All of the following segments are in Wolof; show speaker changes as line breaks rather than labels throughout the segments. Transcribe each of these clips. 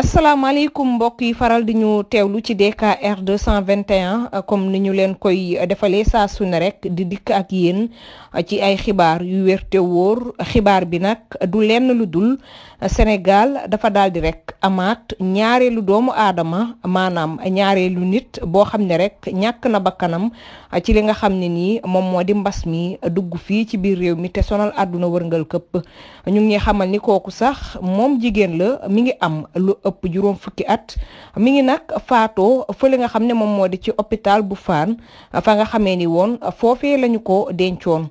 asalaamaaleykum mbokk yi faral di ñu teewlu ci de DKR 221 comme ni ñu leen koy euh, defalee saa su ne rek di dikk ak yéen euh, ci ay xibaar yu wér te xibaar bi nag du lenn lu dul euh, Sénégal dafa daal di rek amaat ñaareelu doomu aadama maanaam ñaareelu nit boo xam ne rek ñàkk na bakkanam ci li nga xam ne nii moom moo di mbas mi dugg fii ci biir réew mi te sonal àdduna wërngal këpp ñu ngi xamal ni kooku sax moom jigéen la mi ngi am ëpp juróom fukki at mi ngi nag faatoo fële nga xam ne moom moo di ci hôpital bu Fann fa nga xamee ni woon foofee lañu ko dencoon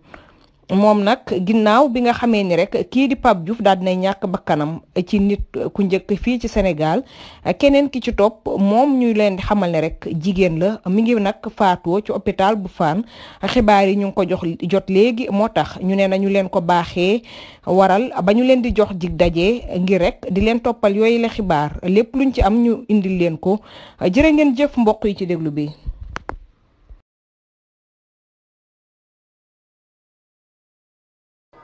moom nag ginnaaw bi nga xamee ni rek kii di Pape Diouf daal dinay ñàkk bakkanam ci nit ku njëkk fii ci Sénégal keneen ki ci topp moom ñu leen di xamal ne rek jigéen la mi ngi nag faatoo ci hôpital bu Fann xibaar yi ñu ngi ko jox jot léegi moo tax ñu ne na ñu leen ko baaxee waral ba ñu leen di jox jig daje ngir rek di leen toppal yooyu la xibaar lépp luñ ci am ñu indil leen ko jërë ngeen jëf mbokk yi ci déglu bi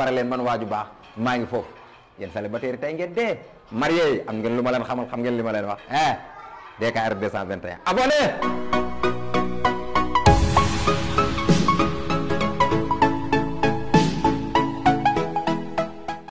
pare leen man waaju baax maa ngi foofu yéen célibataire tey ngeen dee am ngeen lu xamal xam ngeen li ma leen wax eh DKR 221
abonné